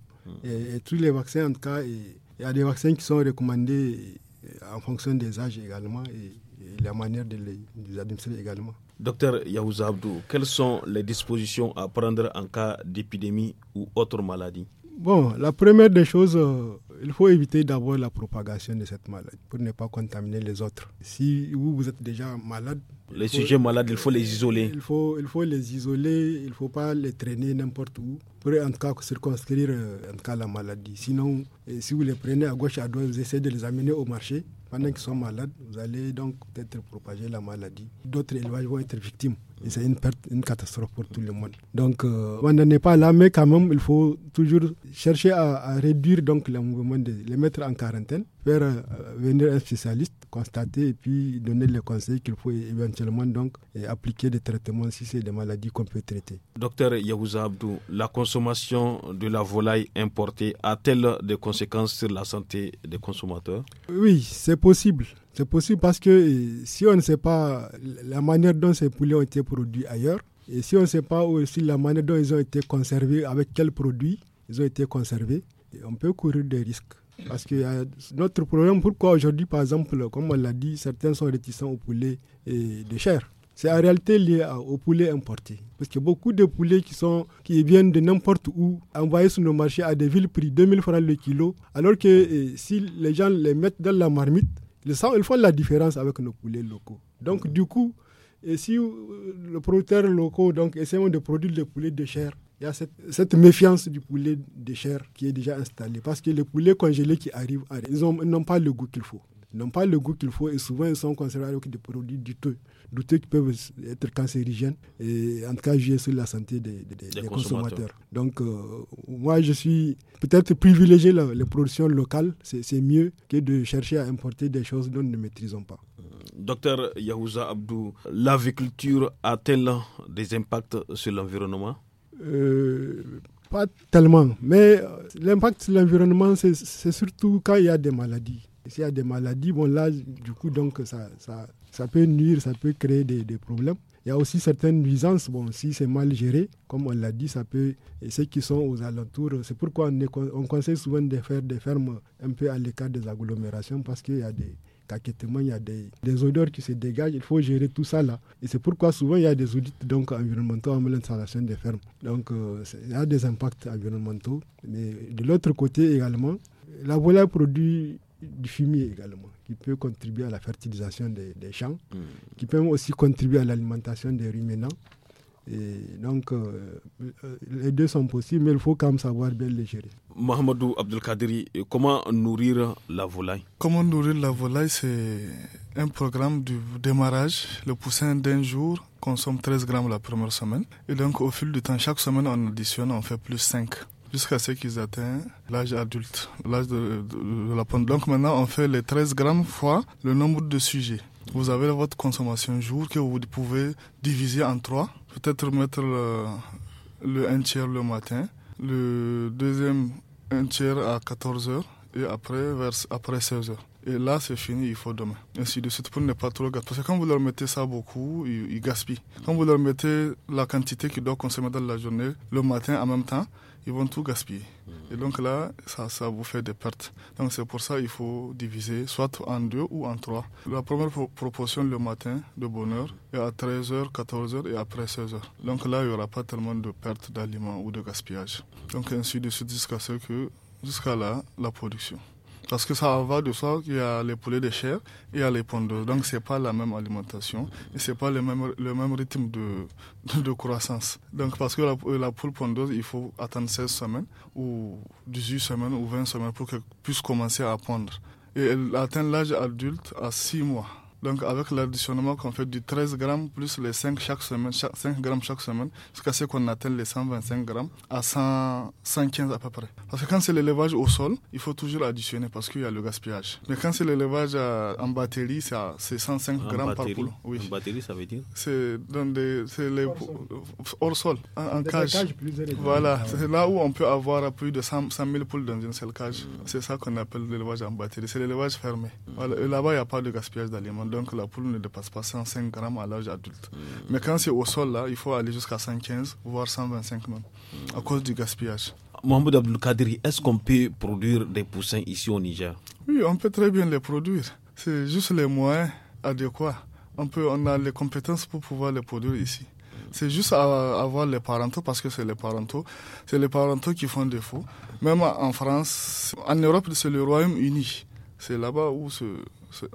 Et, tous les vaccins, en tout cas, il y a des vaccins qui sont recommandés euh, en fonction des âges également et, la manière de les administrer également. Docteur Yahouza Abdou, quelles sont les dispositions à prendre en cas d'épidémie ou autre maladie Bon, la première des choses, euh, il faut éviter d'abord la propagation de cette maladie pour ne pas contaminer les autres. Si vous, vous êtes déjà malade... Les sujets malades, il faut les isoler. Il faut, il faut les isoler, il ne faut pas les traîner n'importe où pour en tout cas circonscrire euh, en cas, la maladie. Sinon, euh, si vous les prenez à gauche, à droite, vous essayez de les amener au marché pendant qu'ils sont malades, vous allez donc peut-être propager la maladie. D'autres élevages vont être victimes. Et c'est une perte, une catastrophe pour tout le monde. Donc, euh, on n'en est pas là, mais quand même, il faut toujours chercher à, réduire donc mouvement, les mettre en quarantaine faire euh, venir un spécialiste, constater et puis donner les conseils qu'il faut éventuellement donc appliquer des traitements si c'est des maladies qu'on peut traiter. Docteur Yahouza Abdou, la consommation de la volaille importée a-t-elle des conséquences sur la santé des consommateurs Oui, c'est possible. C'est possible parce que euh, si on ne sait pas la manière dont ces poulets ont été produits ailleurs, et si on ne sait pas aussi la manière dont ils ont été conservés, avec quels produits ils ont été conservés, on peut courir des risques. Parce que euh, notre problème, pourquoi aujourd'hui, par exemple, comme on l'a dit, certains sont réticents au poulet de chair c'est en réalité lié aux poulet importé Parce que beaucoup de poulets qui, sont, qui viennent de n'importe où, envoyés sur nos marchés à des villes prix 2000 francs le kilo, alors que euh, si les gens les mettent dans la marmite, ils, font la différence avec nos poulets locaux. Donc, du coup, et si euh, le producteur local donc, essaie de produire des poulets de chair, il y a cette, méfiance du poulet de chair qui est déjà installée. Parce que les poulets congelés qui arrivent, ils n'ont pas le goût qu'il faut. Ils n'ont pas le goût qu'il faut et souvent ils sont conservés avec des produits douteux, douteux qui peuvent être cancérigènes et en tout cas jouer sur la santé des, consommateurs. Donc euh, moi je suis peut-être privilégié la, production locale. c'est mieux que de chercher à importer des choses dont nous ne maîtrisons pas. Euh, docteur Yahouza Abdou, l'aviculture a-t-elle des impacts sur l'environnement euh, pas tellement, mais euh, l'impact sur l'environnement, c'est surtout quand il y a des maladies. S'il y a des maladies, bon là, du coup, donc ça, ça, peut nuire, ça peut créer des, problèmes. Il y a aussi certaines nuisances. Bon, si c'est mal géré, comme on l'a dit, ça peut. Et ceux qui sont aux alentours, c'est pourquoi on, on, conseille souvent de faire des fermes un peu à l'écart des agglomérations parce qu'il y a des, il y a des, odeurs qui se dégagent. Il faut gérer tout ça là. Et c'est pourquoi souvent il y a des audits donc, environnementaux en l'installation des fermes. Donc il euh, y a des impacts environnementaux. Mais de l'autre côté également, la volaille produit du fumier également, qui peut contribuer à la fertilisation des, champs, hmm. qui peut aussi contribuer à l'alimentation des ruminants. Et donc, euh, euh, les deux sont possibles, mais il faut quand même savoir bien les gérer. Mohamedou Abdelkadiri, comment nourrir la volaille Comment nourrir la volaille, c'est un programme du démarrage. Le poussin d'un jour consomme 13 grammes la première semaine. Et donc, au fil du temps, chaque semaine, on additionne, on fait plus 5 jusqu'à ce qu'ils atteignent l'âge adulte, l'âge de, la ponte. Donc maintenant, on fait les 13 grammes fois le nombre de sujets. Vous avez votre consommation jour que vous pouvez diviser en trois. Peut-être mettre le, le 1 tiers le matin, le deuxième un tiers à 14h et après, vers, après 16h. Et là, c'est fini, il faut demain. Ainsi de suite, pour ne pas trop gâter. Parce que quand vous leur mettez ça beaucoup, ils, ils gaspillent. Quand vous leur mettez la quantité qu'ils doivent consommer dans la journée, le matin en même temps, ils vont tout gaspiller. Et donc là, ça, vous fait des pertes. Donc c'est pour ça qu'il faut diviser, soit en deux ou en trois. La première proportion le matin, de bonne heure, et à 13h, 14h et après 16h. Donc là, il n'y aura pas tellement de pertes d'aliments ou de gaspillage. Donc ainsi de suite jusqu'à ce que, jusqu'à là, la production. Parce que ça va de soi qu'il y a les poulets de chair et il y a les pondeuses. Donc n'est pas la même alimentation et ce n'est pas le même, rythme de, croissance. Donc parce que la, euh, la, poule pondeuse, il faut attendre 16 semaines ou 18 semaines ou 20 semaines pour qu'elle puisse commencer à pondre. Et elle atteint l'âge adulte à 6 mois. Donc avec l'additionnement qu'on fait du 13 grammes plus les 5 chaque semaine, 5 grammes chaque semaine, jusqu'à ce qu'on atteigne les 125 grammes à 115 à peu près. Parce que quand c'est l'élevage au sol, il faut toujours additionner parce qu'il y a le gaspillage. Mais quand c'est l'élevage euh, en batterie, c'est 105 grammes par poule. En batterie, ça veut dire C'est euh, hors sol, en, cage. Voilà, ah c'est là où on peut avoir plus de 100, 000 poules dans une seule cage. C'est ça qu'on appelle l'élevage en batterie. C'est l'élevage fermé. Voilà. Là-bas, il n'y a pas de gaspillage d'aliments donc la poule ne dépasse pas 105 grammes à l'âge adulte. Mm. Mais quand c'est au sol, là, il faut aller jusqu'à 115, voire 125 même, mm. à cause du gaspillage. Mohamed Kadiri est-ce qu'on peut produire des poussins ici au Niger Oui, on peut très bien les produire. C'est juste les moyens adéquats. On, peut, on a les compétences pour pouvoir les produire ici. Mm. C'est juste à avoir les parentaux parce que c'est les parentaux. C'est les parentaux qui font défaut. Même en France, en Europe, c'est le Royaume-Uni. C'est là-bas où se,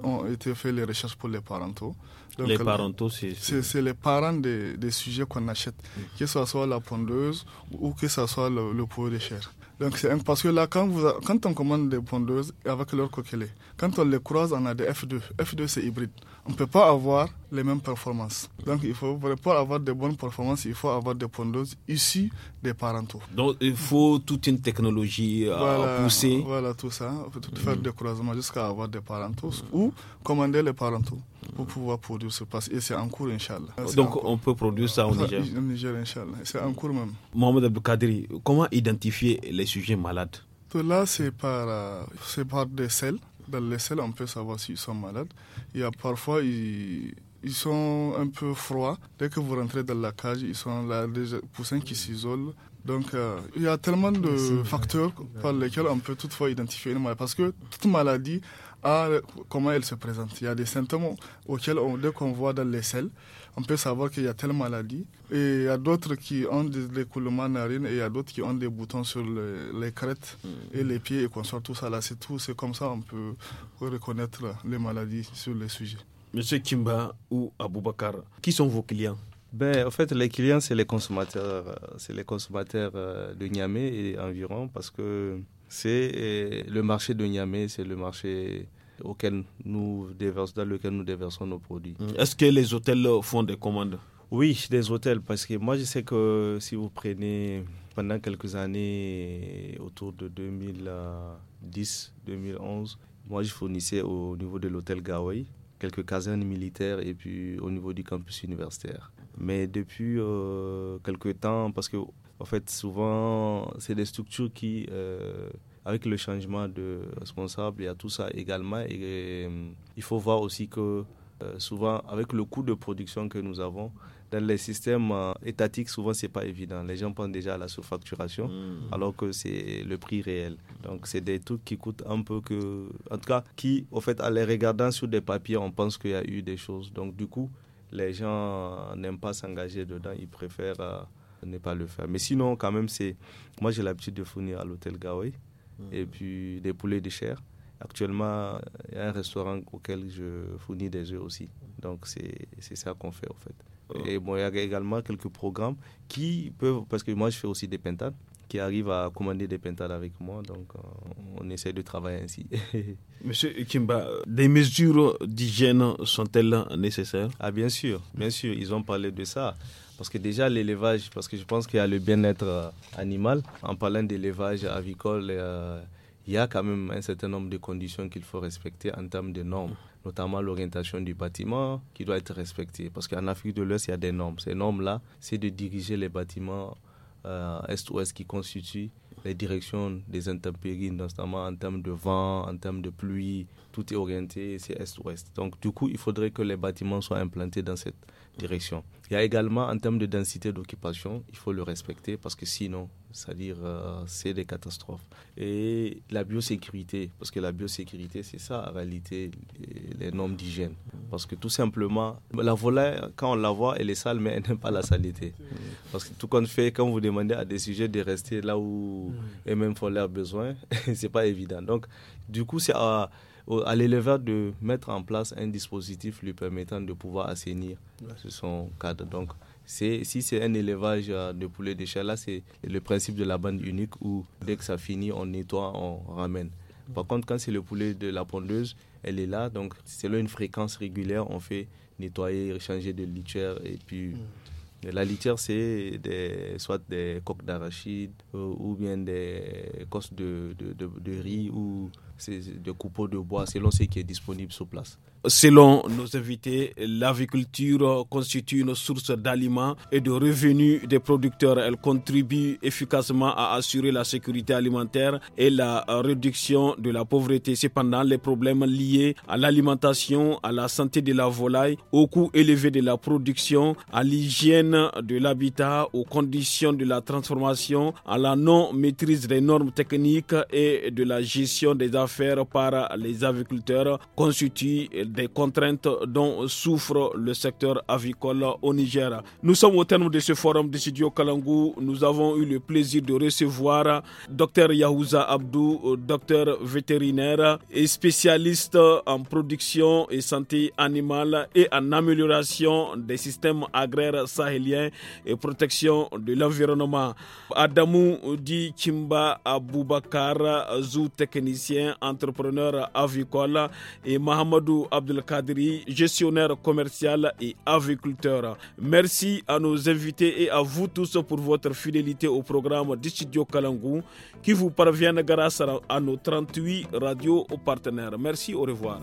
ont été fait les recherches pour les parentaux. les parentaux, c'est les parents des, des sujets qu'on achète, que ce soit la pondeuse ou que ce soit le, le pot de chair. Donc c'est parce que là, quand, vous quand on commande des pondeuses avec leur coquelet, quand on les croise, on a des F2. F2, c'est hybride. On ne peut pas avoir les mêmes performances. Donc, il faut, pour avoir de bonnes performances, il faut avoir des pondeuses ici des parentaux. Donc, il faut toute une technologie euh, voilà, Voilà, tout ça. Tout faire mm. des croisements jusqu'à avoir des parentaux ou commander les parentaux pour pouvoir produire ce passe. Et c'est en cours, Inch'Allah. Donc, on peut produire ça au Niger Au Niger, Inch'Allah. C'est en cours même. Mohamed Abdelkadri, comment identifier les sujets malades Là, c'est par, euh, par des selles. Dans les selles, on peut savoir s'ils sont malades. Il y a parfois ils sont un peu froids. Dès que vous rentrez dans la cage, ils sont là, des poussins qui s'isolent. Donc, euh, il y a tellement de facteurs par lesquels on peut toutefois identifier une maladie. Parce que toute maladie a comment elle se présente. Il y a des symptômes auxquels, on, dès qu'on voit dans les selles, on peut savoir qu'il y a telle maladie. Et il y a d'autres qui ont des écoulements narines et il y a d'autres qui ont des boutons sur les, crêtes et les pieds et qu'on sort tout ça là. C'est tout, c'est comme ça on peut reconnaître les maladies sur les sujets. Monsieur Kimba ou Aboubakar, qui sont vos clients ben, en fait, les clients, c'est les consommateurs, euh, c'est les consommateurs euh, de Niamey et environ, parce que c'est euh, le marché de Niamey, c'est le marché auquel nous déversons, dans lequel nous déversons nos produits. Mm. Est-ce que les hôtels font des commandes Oui, des hôtels, parce que moi, je sais que si vous prenez pendant quelques années, autour de 2010, 2011, moi, je fournissais au niveau de l'hôtel Gawaï quelques casernes militaires et puis au niveau du campus universitaire. Mais depuis euh, quelques temps, parce que en fait souvent c'est des structures qui, euh, avec le changement de responsable, il y a tout ça également. Et, euh, il faut voir aussi que euh, souvent avec le coût de production que nous avons, dans les systèmes euh, étatiques, souvent, ce n'est pas évident. Les gens pensent déjà à la surfacturation, facturation hmm. alors que c'est le prix réel. Donc, c'est des trucs qui coûtent un peu que. En tout cas, qui, au fait, en les regardant sur des papiers, on pense qu'il y a eu des choses. Donc, du coup, les gens euh, n'aiment pas s'engager dedans. Ils préfèrent euh, ne pas le faire. Mais sinon, quand même, c'est. Moi, j'ai l'habitude de fournir à l'hôtel Gawey hmm. et puis des poulets de chair. Actuellement, il y a un restaurant auquel je fournis des œufs aussi. Donc, c'est ça qu'on fait, en fait. Euh. Et bon, il y a également quelques programmes qui peuvent, parce que moi je fais aussi des pentades, qui arrivent à commander des pentades avec moi. Donc euh, on essaie de travailler ainsi. Monsieur Kimba, des mesures d'hygiène sont-elles nécessaires Ah bien sûr, bien sûr, ils ont parlé de ça. Parce que déjà l'élevage, parce que je pense qu'il y a le bien-être euh, animal. En parlant d'élevage avicole, il y a quand même un certain nombre de conditions qu'il faut respecter en termes de normes, notamment l'orientation du bâtiment qui doit être respectée. Parce qu'en Afrique de l'Ouest, il y a des normes. Ces normes-là, c'est de diriger les bâtiments euh, est-ouest qui constituent les directions des intempéries, notamment en termes de vent, en termes de pluie. Tout est orienté, c'est est-ouest. Donc, du coup, il faudrait que les bâtiments soient implantés dans cette direction. Il y a également, en termes de densité d'occupation, il faut le respecter parce que sinon, c'est-à-dire euh, c'est des catastrophes. Et la biosécurité, parce que la biosécurité, c'est ça en réalité, les, normes d'hygiène. Parce que tout simplement, la volaille, quand on la voit, elle est sale, mais elle n'aime pas la saleté. Parce que tout qu'on fait, quand vous demandez à des sujets de rester là où mm. et même font leur besoin, c'est pas évident. Donc, du coup, c'est à, l'éleveur de mettre en place un dispositif lui permettant de pouvoir assainir ce son cadre. Donc, si c'est un élevage euh, de poulet de chair, là, c'est le principe de la bande unique où dès que ça finit, on nettoie, on ramène. Par contre, quand c'est le poulet de la pondeuse, elle est là. Donc, selon une fréquence régulière, on fait nettoyer, changer de litière. Et puis, mm. la litière, c'est soit des coques d'arachide euh, ou, bien des cosses de, de riz ou des coupeaux de bois, selon ce qui est disponible sur place. Selon nos invités, l'aviculture constitue une source d'aliments et de revenus des producteurs. Elle contribue efficacement à assurer la sécurité alimentaire et la réduction de la pauvreté. Cependant, les problèmes liés à l'alimentation, à la santé de la volaille, au coût élevé de la production, à l'hygiène de l'habitat, aux conditions de la transformation, à la non-maîtrise des normes techniques et de la gestion des affaires par les agriculteurs constituent des contraintes dont souffre le secteur avicole au Niger. Nous sommes au terme de ce forum de Studio Kalangou. Nous avons eu le plaisir de recevoir Dr Yahouza Abdou, docteur vétérinaire et spécialiste en production et santé animale et en amélioration des systèmes agraires sahéliens et protection de l'environnement. Adamou Di Kimba Aboubakar, zootechnicien, entrepreneur avicole et Mahamadou Abdou Abdelkaderi, gestionnaire commercial et agriculteur. Merci à nos invités et à vous tous pour votre fidélité au programme du studio Kalangou qui vous parvient grâce à nos 38 radios partenaires. Merci, au revoir.